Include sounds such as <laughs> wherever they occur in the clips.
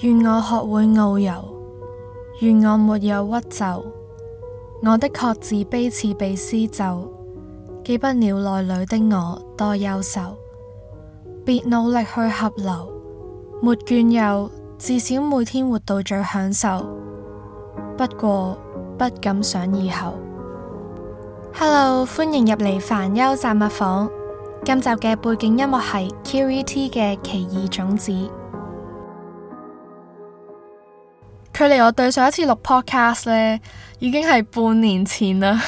願我學會遨遊，願我沒有屈就。我的確自卑似被施咒，記不了內裏的我多優秀。別努力去合流，沒倦遊，至少每天活到最享受。不過不敢想以後。Hello，歡迎入嚟煩憂雜物房。今集嘅背景音樂係 Q.E.T 嘅奇異種子。距離我對上一次錄 podcast 咧，已經係半年前啦。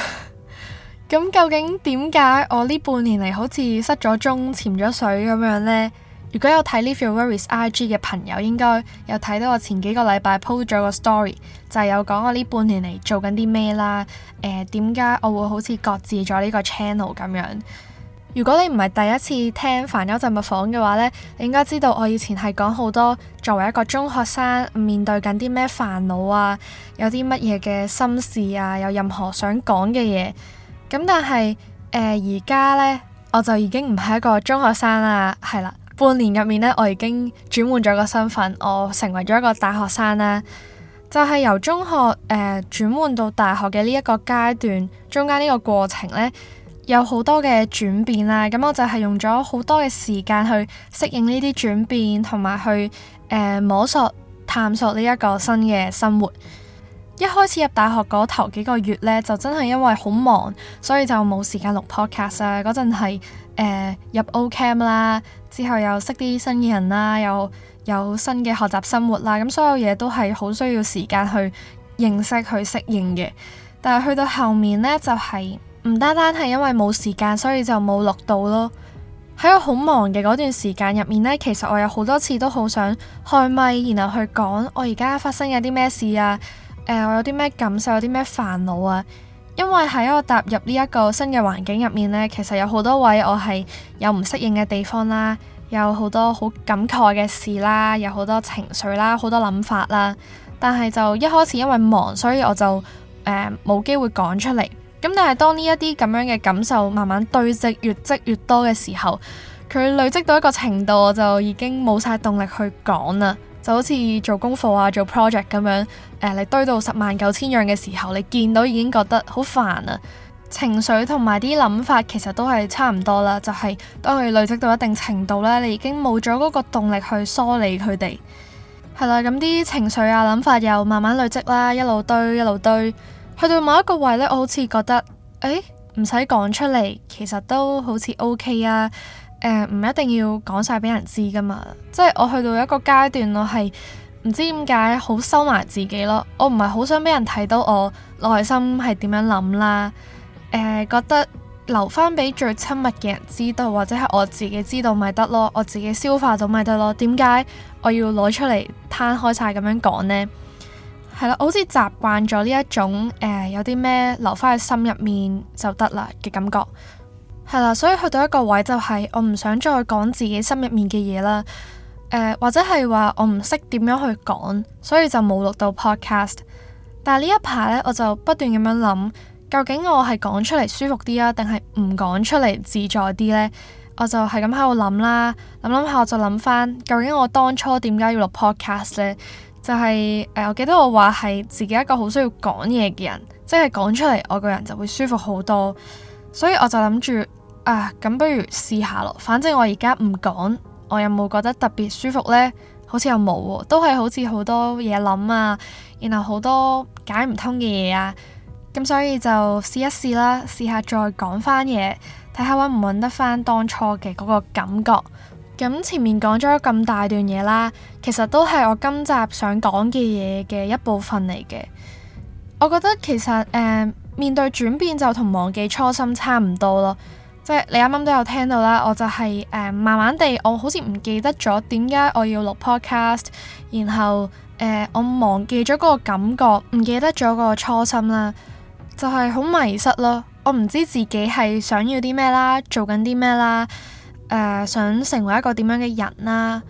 咁 <laughs> 究竟點解我呢半年嚟，好似失咗蹤、潛咗水咁樣呢？如果有睇《Leave Your Worries》IG 嘅朋友，應該有睇到我前幾個禮拜 po 咗個 story，就係有講我呢半年嚟做緊啲咩啦。誒、呃，點解我會好似擱置咗呢個 channel 咁樣？如果你唔係第一次聽煩憂雜物房嘅話呢，你應該知道我以前係講好多作為一個中學生面對緊啲咩煩惱啊，有啲乜嘢嘅心事啊，有任何想講嘅嘢。咁但係誒而家呢，我就已經唔係一個中學生啦，係啦，半年入面呢，我已經轉換咗個身份，我成為咗一個大學生啦。就係由中學誒轉換到大學嘅呢一個階段，中間呢個過程呢。有好多嘅轉變啦，咁我就係用咗好多嘅時間去適應呢啲轉變，同埋去誒、呃、摸索探索呢一個新嘅生活。一開始入大學嗰頭幾個月呢，就真係因為好忙，所以就冇時間錄 podcast 啦。嗰陣係入 Ocamp 啦，之後又識啲新嘅人啦，又有，有新嘅學習生活啦。咁所有嘢都係好需要時間去認識、去適應嘅。但係去到後面呢，就係、是。唔單單係因為冇時間，所以就冇錄到咯。喺我好忙嘅嗰段時間入面呢，其實我有好多次都好想開咪，然後去講我而家發生咗啲咩事啊。誒、呃，我有啲咩感受，有啲咩煩惱啊？因為喺我踏入呢一個新嘅環境入面呢，其實有好多位我係有唔適應嘅地方啦，有好多好感慨嘅事啦，有好多情緒啦，好多諗法啦。但係就一開始因為忙，所以我就誒冇、呃、機會講出嚟。咁但係當呢一啲咁樣嘅感受慢慢堆積，越積越多嘅時候，佢累積到一個程度，我就已經冇晒動力去講啦，就好似做功課啊、做 project 咁樣，誒、呃、你堆到十萬九千樣嘅時候，你見到已經覺得好煩啊，情緒同埋啲諗法其實都係差唔多啦，就係、是、當佢累積到一定程度咧，你已經冇咗嗰個動力去梳理佢哋，係啦，咁啲情緒啊、諗法又慢慢累積啦，一路堆一路堆。去到某一個位呢，我好似覺得，誒、欸，唔使講出嚟，其實都好似 OK 啊。呃，唔一定要講晒俾人知噶嘛。即係我去到一個階段，我係唔知點解好收埋自己咯。我唔係好想俾人睇到我內心係點樣諗啦。誒、呃，覺得留翻俾最親密嘅人知道，或者係我自己知道咪得咯。我自己消化到咪得咯。點解我要攞出嚟攤開晒咁樣講呢？係啦，好似習慣咗呢一種誒、呃，有啲咩留翻喺心入面就得啦嘅感覺。係啦，所以去到一個位就係我唔想再講自己心入面嘅嘢啦。誒，或者係話我唔識點樣去講，所以就冇錄到 podcast。但係呢一排呢，我就不斷咁樣諗，究竟我係講出嚟舒服啲啊，定係唔講出嚟自在啲呢？我就係咁喺度諗啦，諗諗下我就諗翻，究竟我當初點解要錄 podcast 呢？就係、是、誒，我記得我話係自己一個好需要講嘢嘅人，即係講出嚟，我個人就會舒服好多。所以我就諗住啊，咁不如試下咯。反正我而家唔講，我有冇覺得特別舒服呢？好似又冇，都係好似好多嘢諗啊，然後好多解唔通嘅嘢啊。咁所以就試一試啦，試下再講返嘢，睇下搵唔搵得返當初嘅嗰個感覺。咁前面講咗咁大段嘢啦，其實都係我今集想講嘅嘢嘅一部分嚟嘅。我覺得其實誒、呃、面對轉變就同忘記初心差唔多咯，即係你啱啱都有聽到啦。我就係、是、誒、呃、慢慢地，我好似唔記得咗點解我要錄 podcast，然後誒、呃、我忘記咗嗰個感覺，唔記得咗嗰個初心啦，就係、是、好迷失咯。我唔知自己係想要啲咩啦，做緊啲咩啦。誒、呃，想成為一個點樣嘅人啦、啊，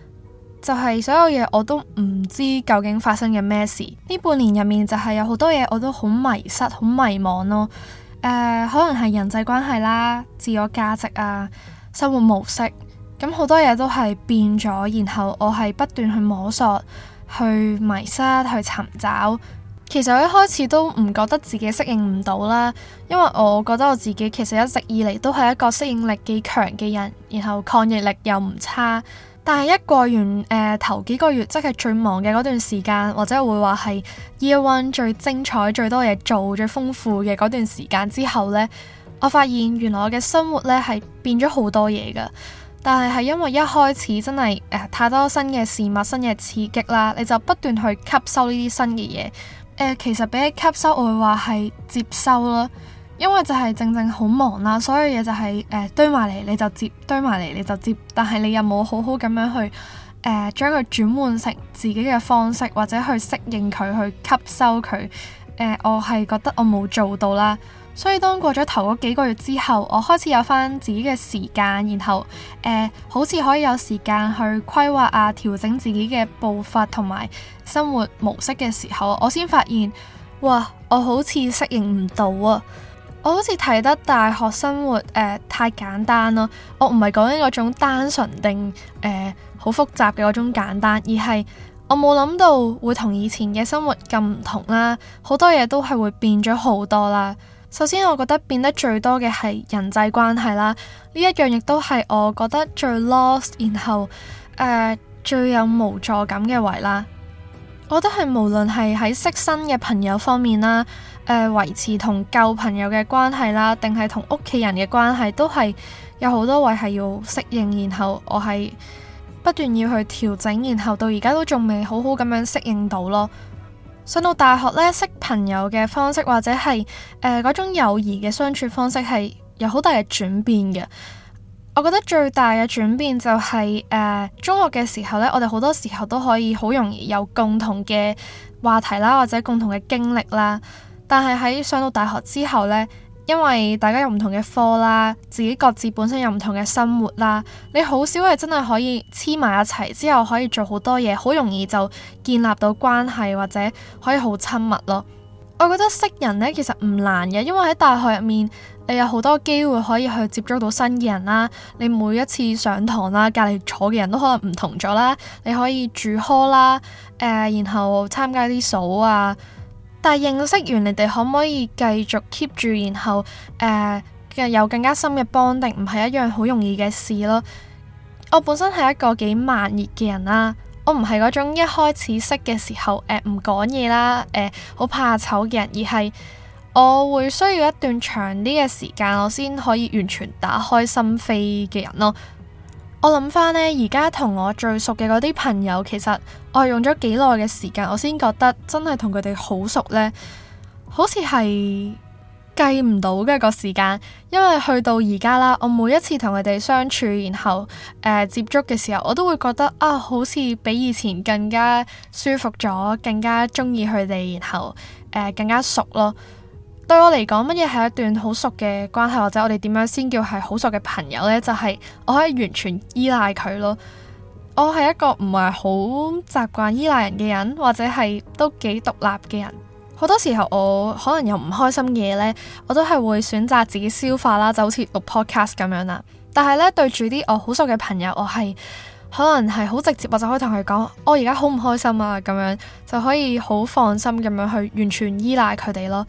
就係、是、所有嘢我都唔知究竟發生緊咩事。呢半年入面就係有好多嘢我都好迷失、好迷茫咯、呃。可能係人際關係啦、自我價值啊、生活模式，咁好多嘢都係變咗，然後我係不斷去摸索、去迷失、去尋找。其實我一開始都唔覺得自己適應唔到啦，因為我覺得我自己其實一直以嚟都係一個適應力幾強嘅人，然後抗逆力又唔差。但係一過完誒頭幾個月，即係最忙嘅嗰段時間，或者會話係 year one 最精彩、最多嘢做、最豐富嘅嗰段時間之後呢，我發現原來我嘅生活呢係變咗好多嘢㗎。但係係因為一開始真係誒、呃、太多新嘅事物、新嘅刺激啦，你就不斷去吸收呢啲新嘅嘢。誒，其實比起吸收，我會話係接收囉，因為就係正正好忙啦，所有嘢就係、是、誒、呃、堆埋嚟，你就接堆埋嚟，你就接，但係你又冇好好咁樣去誒將佢轉換成自己嘅方式，或者去適應佢，去吸收佢。誒、呃，我係覺得我冇做到啦。所以當過咗頭嗰幾個月之後，我開始有返自己嘅時間，然後誒、呃，好似可以有時間去規劃啊，調整自己嘅步伐同埋生活模式嘅時候，我先發現哇，我好似適應唔到啊！我好似睇得大學生活誒、呃、太簡單咯。我唔係講緊嗰種單純定誒好複雜嘅嗰種簡單，而係我冇諗到會同以前嘅生活咁唔同啦、啊，好多嘢都係會變咗好多啦。首先，我覺得變得最多嘅係人際關係啦，呢一樣亦都係我覺得最 lost，然後誒、呃、最有無助感嘅位啦。我覺得係無論係喺識新嘅朋友方面啦，誒、呃、維持同舊朋友嘅關係啦，定係同屋企人嘅關係，都係有好多位係要適應，然後我係不斷要去調整，然後到而家都仲未好好咁樣適應到咯。上到大學呢，識朋友嘅方式或者係誒嗰種友誼嘅相處方式係有好大嘅轉變嘅。我覺得最大嘅轉變就係誒，中學嘅時候呢，我哋好多時候都可以好容易有共同嘅話題啦，或者共同嘅經歷啦。但係喺上到大學之後呢。因為大家有唔同嘅科啦，自己各自本身有唔同嘅生活啦，你好少係真係可以黐埋一齊之後可以做好多嘢，好容易就建立到關係或者可以好親密咯。我覺得識人呢其實唔難嘅，因為喺大學入面，你有好多機會可以去接觸到新嘅人啦。你每一次上堂啦，隔籬坐嘅人都可能唔同咗啦，你可以住科啦，誒、呃，然後參加啲數啊。但係認識完你哋可唔可以繼續 keep 住，然後誒嘅、呃、有更加深嘅 bonding，唔係一樣好容易嘅事咯。我本身係一個幾慢熱嘅人啦，我唔係嗰種一開始識嘅時候誒唔講嘢啦，誒好怕醜嘅人，而係我會需要一段長啲嘅時間，我先可以完全打開心扉嘅人咯。我諗翻呢，而家同我最熟嘅嗰啲朋友，其實我係用咗幾耐嘅時間，我先覺得真係同佢哋好熟呢，好似係計唔到嘅嗰個時間，因為去到而家啦，我每一次同佢哋相處，然後誒、呃、接觸嘅時候，我都會覺得啊，好似比以前更加舒服咗，更加中意佢哋，然後誒、呃、更加熟咯。對我嚟講，乜嘢係一段好熟嘅關係，或者我哋點樣先叫係好熟嘅朋友呢？就係我可以完全依賴佢咯。我係一個唔係好習慣依賴人嘅人，或者係都幾獨立嘅人。好多時候我可能有唔開心嘅嘢呢，我都係會選擇自己消化啦，就好似錄 podcast 咁樣啦。但係呢，對住啲我好熟嘅朋友，我係可能係好直接，我就可以同佢講，我而家好唔開心啊，咁樣就可以好放心咁樣去完全依賴佢哋咯。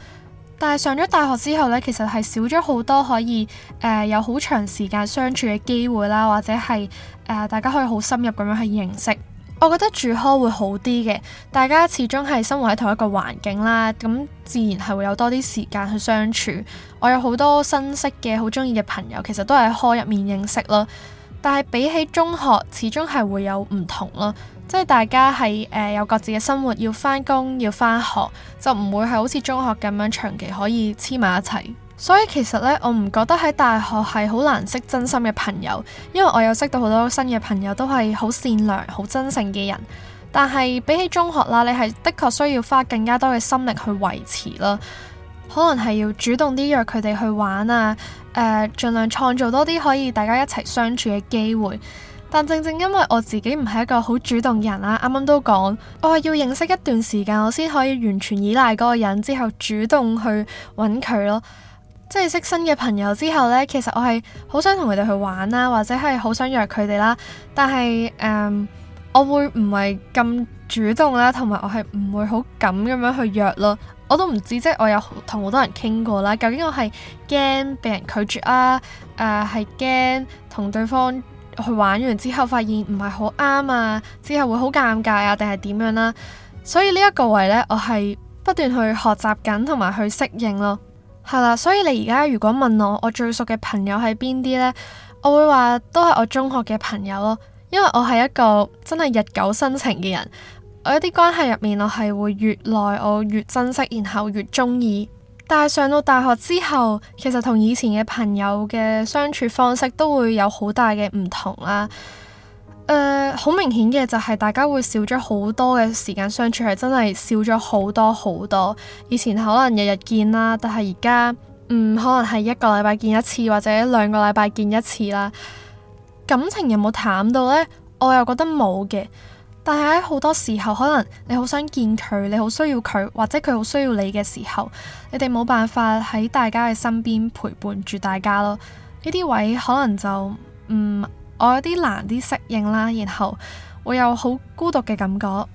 但係上咗大學之後呢，其實係少咗好多可以誒、呃、有好長時間相處嘅機會啦，或者係誒、呃、大家可以好深入咁樣去認識。我覺得住科會好啲嘅，大家始終係生活喺同一個環境啦，咁自然係會有多啲時間去相處。我有好多新識嘅好中意嘅朋友，其實都係喺科入面認識咯。但係比起中學，始終係會有唔同咯。即係大家係誒、呃、有各自嘅生活，要翻工要翻學，就唔會係好似中學咁樣長期可以黐埋一齊。所以其實呢，我唔覺得喺大學係好難識真心嘅朋友，因為我有識到好多新嘅朋友都係好善良、好真誠嘅人。但係比起中學啦，你係的確需要花更加多嘅心力去維持啦，可能係要主動啲約佢哋去玩啊，誒、呃、盡量創造多啲可以大家一齊相處嘅機會。但正正因為我自己唔係一個好主動嘅人啦，啱啱都講，我係要認識一段時間，我先可以完全依賴嗰個人之後主動去揾佢咯。即係識新嘅朋友之後咧，其實我係好想同佢哋去玩啦，或者係好想約佢哋啦。但係，誒、嗯、我會唔係咁主動啦，同埋我係唔會好敢咁樣去約咯。我都唔知，即係我有同好多人傾過啦，究竟我係驚被人拒絕啊？誒、呃，係驚同對方？去玩完之後，發現唔係好啱啊，之後會好尷尬啊，定係點樣啦、啊？所以呢一個位呢，我係不斷去學習緊，同埋去適應咯，係啦。所以你而家如果問我，我最熟嘅朋友係邊啲呢？我會話都係我中學嘅朋友咯，因為我係一個真係日久生情嘅人。我一啲關係入面，我係會越耐我越珍惜，然後越中意。但係上到大學之後，其實同以前嘅朋友嘅相處方式都會有好大嘅唔同啦。誒、呃，好明顯嘅就係大家會少咗好多嘅時間相處，係真係少咗好多好多。以前可能日日見啦，但係而家唔可能係一個禮拜見一次或者兩個禮拜見一次啦。感情有冇淡到呢？我又覺得冇嘅。但係喺好多時候，可能你好想見佢，你好需要佢，或者佢好需要你嘅時候，你哋冇辦法喺大家嘅身邊陪伴住大家咯。呢啲位可能就，嗯，我有啲難啲適應啦，然後會有好孤獨嘅感覺，嗯，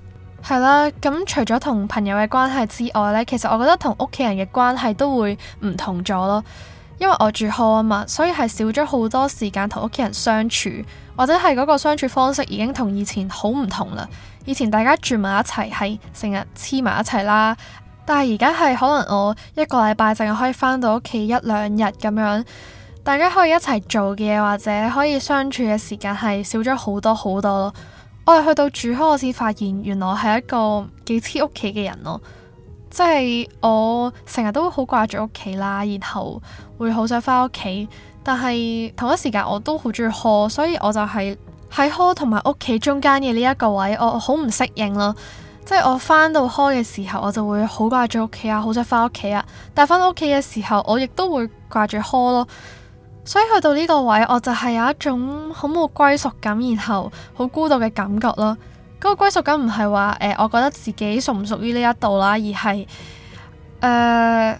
係啦。咁除咗同朋友嘅關係之外呢，其實我覺得同屋企人嘅關係都會唔同咗咯。因為我住開啊嘛，所以係少咗好多時間同屋企人相處，或者係嗰個相處方式已經同以前好唔同啦。以前大家住埋一齊係成日黐埋一齊啦，但係而家係可能我一個禮拜淨係可以返到屋企一兩日咁樣，大家可以一齊做嘅嘢或者可以相處嘅時間係少咗好多好多咯。我、哎、係去到住開我先發現，原來我係一個幾黐屋企嘅人咯。即係我成日都好掛住屋企啦，然後會好想翻屋企，但係同一時間我都好中意呵，所以我就係喺呵同埋屋企中間嘅呢一個位，我好唔適應咯。即係我翻到呵嘅時候，我就會好掛住屋企啊，好想翻屋企啊。但係翻到屋企嘅時候，我亦都會掛住呵咯。所以去到呢個位，我就係有一種好冇歸屬感，然後好孤獨嘅感覺咯。嗰個歸屬感唔係話誒，我覺得自己屬唔屬於呢一度啦，而係誒、呃，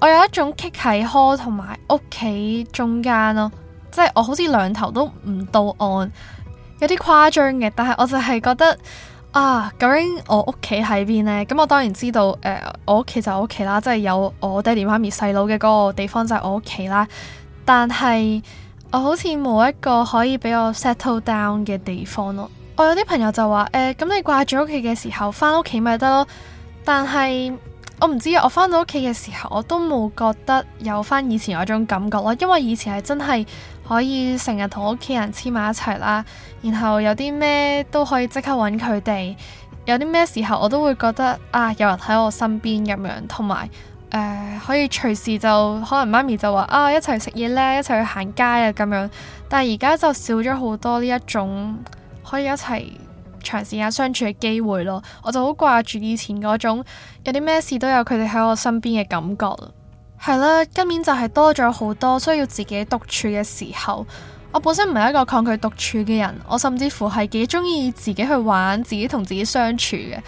我有一種卡喺 Hall 同埋屋企中間咯，即係我好似兩頭都唔到岸，有啲誇張嘅，但係我就係覺得啊，究竟我屋企喺邊呢？咁、嗯、我當然知道誒、呃，我屋企就係我屋企啦，即係有我爹哋媽咪細佬嘅嗰個地方就係我屋企啦，但係我好似冇一個可以俾我 settle down 嘅地方咯。我有啲朋友就話，誒、呃，咁你掛住屋企嘅時候，翻屋企咪得咯。但係我唔知啊，我翻到屋企嘅時候，我都冇覺得有翻以前嗰種感覺咯。因為以前係真係可以成日同屋企人黐埋一齊啦，然後有啲咩都可以即刻揾佢哋，有啲咩時候我都會覺得啊，有人喺我身邊咁樣，同埋誒可以隨時就可能媽咪就話啊，一齊食嘢咧，一齊去行街啊咁樣。但係而家就少咗好多呢一種。可以一齊嘗試下相處嘅機會咯，我就好掛住以前嗰種有啲咩事都有佢哋喺我身邊嘅感覺。係 <music> 啦，今年就係多咗好多需要自己獨處嘅時候。我本身唔係一個抗拒獨處嘅人，我甚至乎係幾中意自己去玩、自己同自己相處嘅。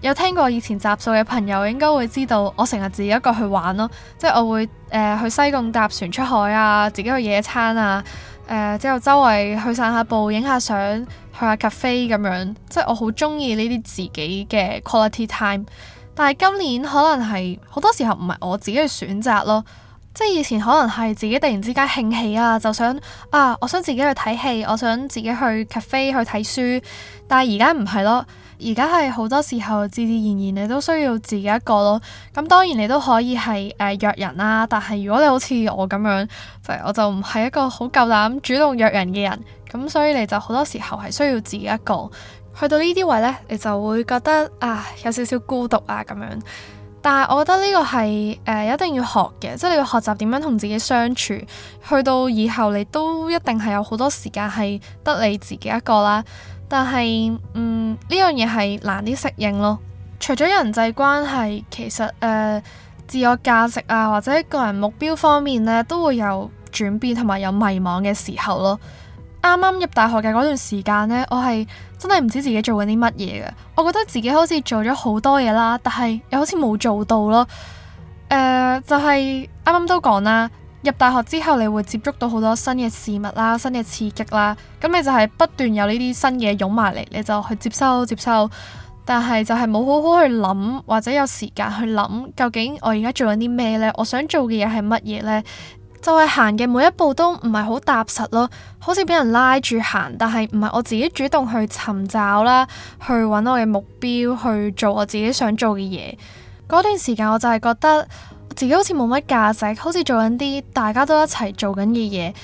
有聽過以前集數嘅朋友應該會知道，我成日自己一個去玩咯，即係我會誒、呃、去西貢搭船出海啊，自己去野餐啊。誒、呃、之後周圍去散下步，影下相，去下 cafe 咁樣，即係我好中意呢啲自己嘅 quality time。但係今年可能係好多時候唔係我自己嘅選擇咯，即係以前可能係自己突然之間興起啊，就想啊，我想自己去睇戲，我想自己去 cafe 去睇書，但係而家唔係咯。而家係好多時候，自自然然你都需要自己一個咯。咁當然你都可以係誒約人啦，但係如果你好似我咁樣，就我就唔係一個好夠膽主動約人嘅人，咁所以你就好多時候係需要自己一個。去到呢啲位呢，你就會覺得啊，有少少孤獨啊咁樣。但係我覺得呢個係誒一定要學嘅，即係你要學習點樣同自己相處。去到以後，你都一定係有好多時間係得你自己一個啦。但係，嗯，呢樣嘢係難啲適應咯。除咗人際關係，其實誒、呃，自我價值啊，或者個人目標方面呢，都會有轉變同埋有迷茫嘅時候咯。啱啱入大學嘅嗰段時間呢，我係真係唔知自己做緊啲乜嘢嘅。我覺得自己好似做咗好多嘢啦，但係又好似冇做到咯。誒、呃，就係啱啱都講啦。入大學之後，你會接觸到好多新嘅事物啦，新嘅刺激啦，咁你就係不斷有呢啲新嘢湧埋嚟，你就去接收接收，但係就係冇好好去諗，或者有時間去諗究竟我而家做緊啲咩呢？我想做嘅嘢係乜嘢呢？就係行嘅每一步都唔係好踏實咯，好似俾人拉住行，但係唔係我自己主動去尋找啦，去揾我嘅目標，去做我自己想做嘅嘢。嗰段時間，我就係覺得。自己好似冇乜價值，好似做緊啲大家都一齊做緊嘅嘢，誒、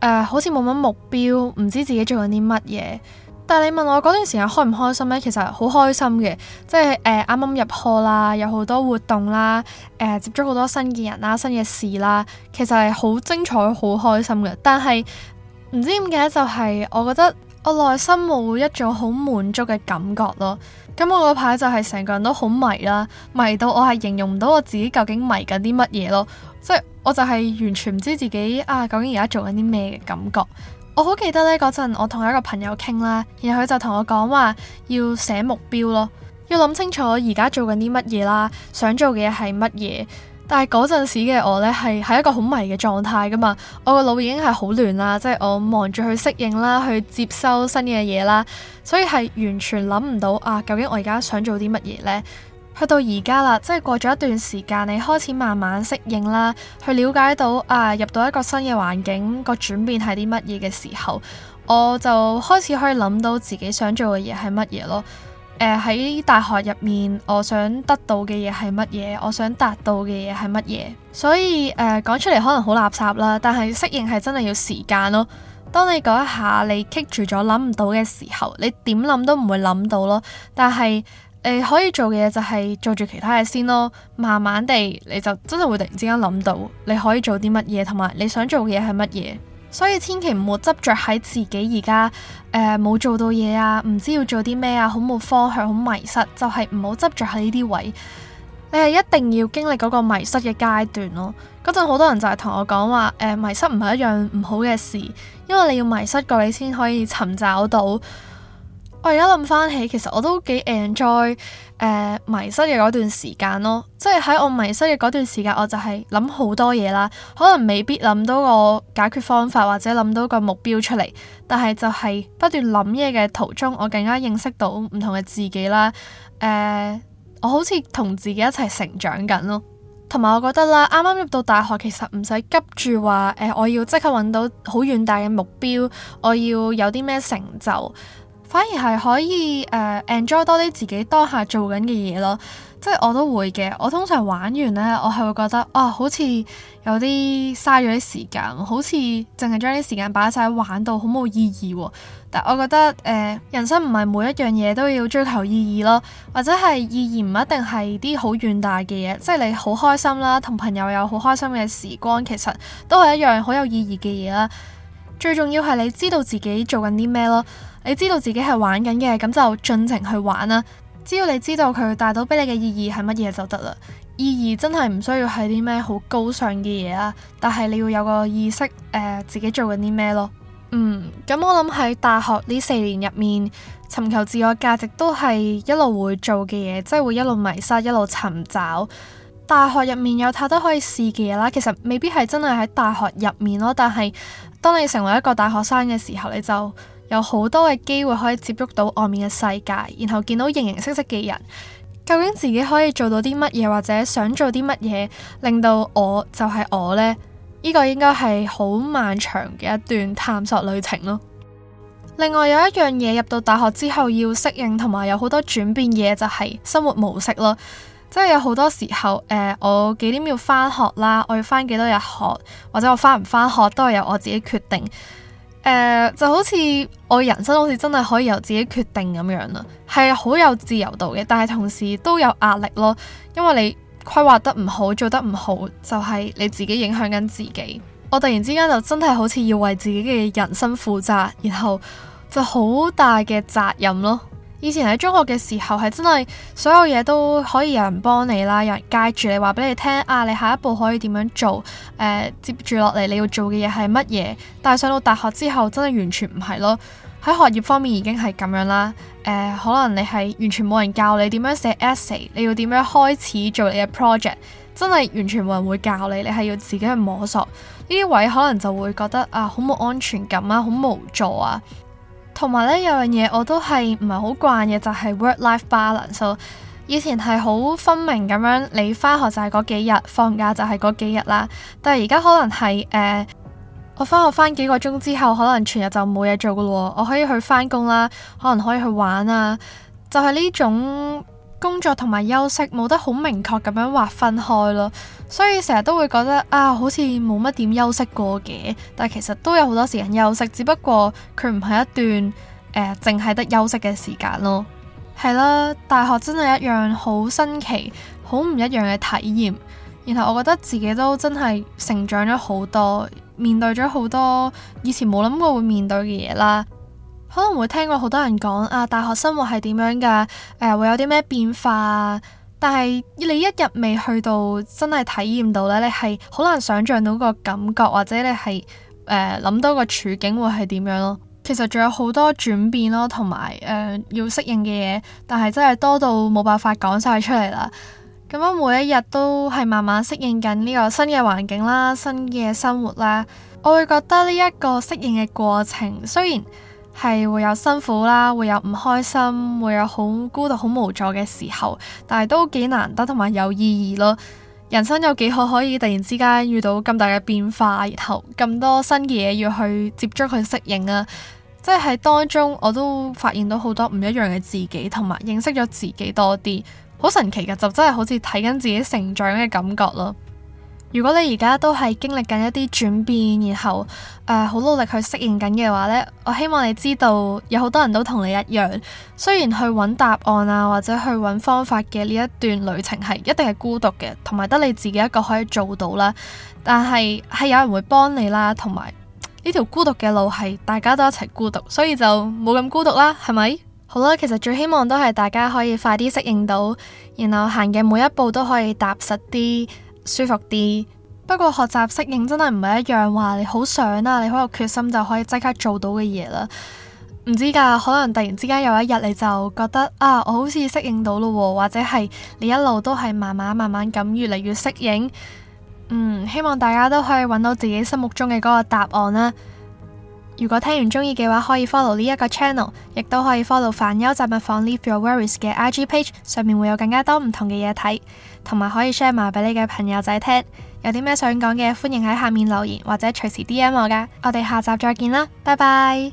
呃，好似冇乜目標，唔知自己做緊啲乜嘢。但係你問我嗰段時間開唔開心呢？其實好開心嘅，即係誒啱啱入學啦，有好多活動啦，誒、呃、接觸好多新嘅人啦，新嘅事啦，其實係好精彩，好開心嘅。但係唔知點解就係、是、我覺得。我內心冇一種好滿足嘅感覺咯，咁我嗰排就係成個人都好迷啦，迷到我係形容唔到我自己究竟迷緊啲乜嘢咯，即係我就係完全唔知自己啊究竟而家做緊啲咩嘅感覺。我好記得呢嗰陣我同一個朋友傾啦，然後佢就同我講話要寫目標咯，要諗清楚而家做緊啲乜嘢啦，想做嘅嘢係乜嘢。但係嗰陣時嘅我呢，係係一個好迷嘅狀態噶嘛，我個腦已經係好亂啦，即係我忙住去適應啦，去接收新嘅嘢啦，所以係完全諗唔到啊！究竟我而家想做啲乜嘢呢？去到而家啦，即係過咗一段時間，你開始慢慢適應啦，去了解到啊，入到一個新嘅環境個轉變係啲乜嘢嘅時候，我就開始可以諗到自己想做嘅嘢係乜嘢咯。誒，喺、呃、大學入面，我想得到嘅嘢係乜嘢？我想達到嘅嘢係乜嘢？所以誒，講、呃、出嚟可能好垃圾啦，但係適應係真係要時間咯。當你講一下你棘住咗諗唔到嘅時候，你點諗都唔會諗到咯。但係誒、呃，可以做嘅嘢就係做住其他嘢先咯。慢慢地，你就真係會突然之間諗到，你可以做啲乜嘢，同埋你想做嘅嘢係乜嘢。所以千祈唔好執着喺自己而家，誒，冇做到嘢啊，唔知要做啲咩啊，好冇方向，好迷失，就係唔好執着喺呢啲位。你係一定要經歷嗰個迷失嘅階段咯。嗰陣好多人就係同我講話，誒，迷失唔係一樣唔好嘅事，因為你要迷失過，你先可以尋找到。我而家諗翻起，其實我都幾 enjoy 誒，迷失嘅嗰段時間咯。即係喺我迷失嘅嗰段時間，我就係諗好多嘢啦。可能未必諗到個解決方法，或者諗到個目標出嚟，但係就係不斷諗嘢嘅途中，我更加認識到唔同嘅自己啦。誒、呃，我好似同自己一齊成長緊咯。同埋，我覺得啦，啱啱入到大學，其實唔使急住話誒，我要即刻揾到好遠大嘅目標，我要有啲咩成就。反而係可以誒，uh，enjoy 多啲自己當下做緊嘅嘢咯。即係我都會嘅，我通常玩完呢，我係會覺得啊，好似有啲嘥咗啲時間，好似淨係將啲時間擺晒玩到好冇意義。但我覺得誒，呃，人生唔係每一樣嘢都要追求意義咯，或者係意義唔一定係啲好遠大嘅嘢。即係你好開心啦，同朋友有好開心嘅時光，其實都係一樣好有意義嘅嘢啦。最重要係你知道自己做緊啲咩咯。你知道自己係玩緊嘅，咁就盡情去玩啦。只要你知道佢帶到俾你嘅意義係乜嘢就得啦。意義真係唔需要係啲咩好高尚嘅嘢啦，但係你要有個意識，誒，呃，自己做緊啲咩咯。嗯，咁我諗喺大學呢四年入面，尋求自我價值都係一路會做嘅嘢，即係會一路迷失，一路尋找。大學入面有太多可以試嘅嘢啦，其實未必係真係喺大學入面咯。但係當你成為一個大學生嘅時候，你就有好多嘅機會可以接觸到外面嘅世界，然後見到形形色色嘅人，究竟自己可以做到啲乜嘢，或者想做啲乜嘢，令到我就係我呢？呢、呢個應該係好漫長嘅一段探索旅程咯。另外有一樣嘢入到大學之後要適應，同埋有好多轉變嘢，就係、係、生活模式咯。即係有好多時候，誒、呃，我幾點要返學啦？我要返幾多日學，或者我返唔返學都係由我自己決定。誒，uh, 就好似我人生好似真係可以由自己決定咁樣啦，係好有自由度嘅，但係同時都有壓力咯，因為你規劃得唔好，做得唔好，就係你自己影響緊自己。我突然之間就真係好似要為自己嘅人生負責，然後就好大嘅責任咯。以前喺中學嘅時候係真係所有嘢都可以有人幫你啦，有人 guide 住你，話俾你聽啊，你下一步可以點樣做？誒、呃，接住落嚟你要做嘅嘢係乜嘢？但係上到大學之後真係完全唔係咯，喺學業方面已經係咁樣啦、呃。可能你係完全冇人教你點樣寫 essay，你要點樣開始做你嘅 project，真係完全冇人會教你，你係要自己去摸索。呢啲位可能就會覺得啊，好冇安全感啊，好無助啊。同埋咧，有樣嘢，我都係唔係好慣嘅，就係、是、work-life balance So, 以前係好分明咁樣，你翻學就係嗰幾日，放假就係嗰幾日啦。但係而家可能係誒、呃，我翻學翻幾個鐘之後，可能全日就冇嘢做噶咯。我可以去翻工啦，可能可以去玩啊，就係、是、呢種。工作同埋休息冇得好明確咁樣劃分開咯，所以成日都會覺得啊，好似冇乜點休息過嘅，但係其實都有好多時間休息，只不過佢唔係一段誒淨係得休息嘅時間咯。係啦，大學真係一樣好新奇、好唔一樣嘅體驗。然後我覺得自己都真係成長咗好多，面對咗好多以前冇諗過會面對嘅嘢啦。可能會聽過好多人講啊，大學生活係點樣㗎？誒、呃，會有啲咩變化啊？但係你一日未去到，真係體驗到咧，你係好難想像到個感覺，或者你係誒諗到個處境會係點樣咯？其實仲有好多轉變咯，同埋誒要適應嘅嘢，但係真係多到冇辦法講晒出嚟啦。咁樣每一日都係慢慢適應緊呢個新嘅環境啦，新嘅生活啦。我會覺得呢一個適應嘅過程，雖然～係會有辛苦啦，會有唔開心，會有好孤獨、好無助嘅時候，但係都幾難得同埋有意義咯。人生有幾何可以突然之間遇到咁大嘅變化，然後咁多新嘅嘢要去接觸去適應啊，即係當中我都發現到好多唔一樣嘅自己，同埋認識咗自己多啲，好神奇嘅就真係好似睇緊自己成長嘅感覺咯。如果你而家都係經歷緊一啲轉變，然後誒好，呃，努力去適應緊嘅話呢，我希望你知道有好多人都同你一樣，雖然去揾答案啊或者去揾方法嘅呢一段旅程係一定係孤獨嘅，同埋得你自己一個可以做到啦，但係係有人會幫你啦，同埋呢條孤獨嘅路係大家都一齊孤獨，所以就冇咁孤獨啦，係咪？好啦，其實最希望都係大家可以快啲適應到，然後行嘅每一步都可以踏實啲。舒服啲，不過學習適應真係唔係一樣話你好想啦、啊，你好有決心就可以即刻做到嘅嘢啦。唔知噶，可能突然之間有一日你就覺得啊，我好似適應到咯，或者係你一路都係慢慢慢慢咁越嚟越適應。嗯，希望大家都可以揾到自己心目中嘅嗰個答案啦、啊。如果聽完中意嘅話，可以 follow 呢一個 channel，亦都可以 follow 煩憂雜物房 Leave Your Worries 嘅 IG page，上面會有更加多唔同嘅嘢睇，同埋可以 share 埋俾你嘅朋友仔聽。有啲咩想講嘅，歡迎喺下面留言或者隨時 DM 我噶。我哋下集再見啦，拜拜。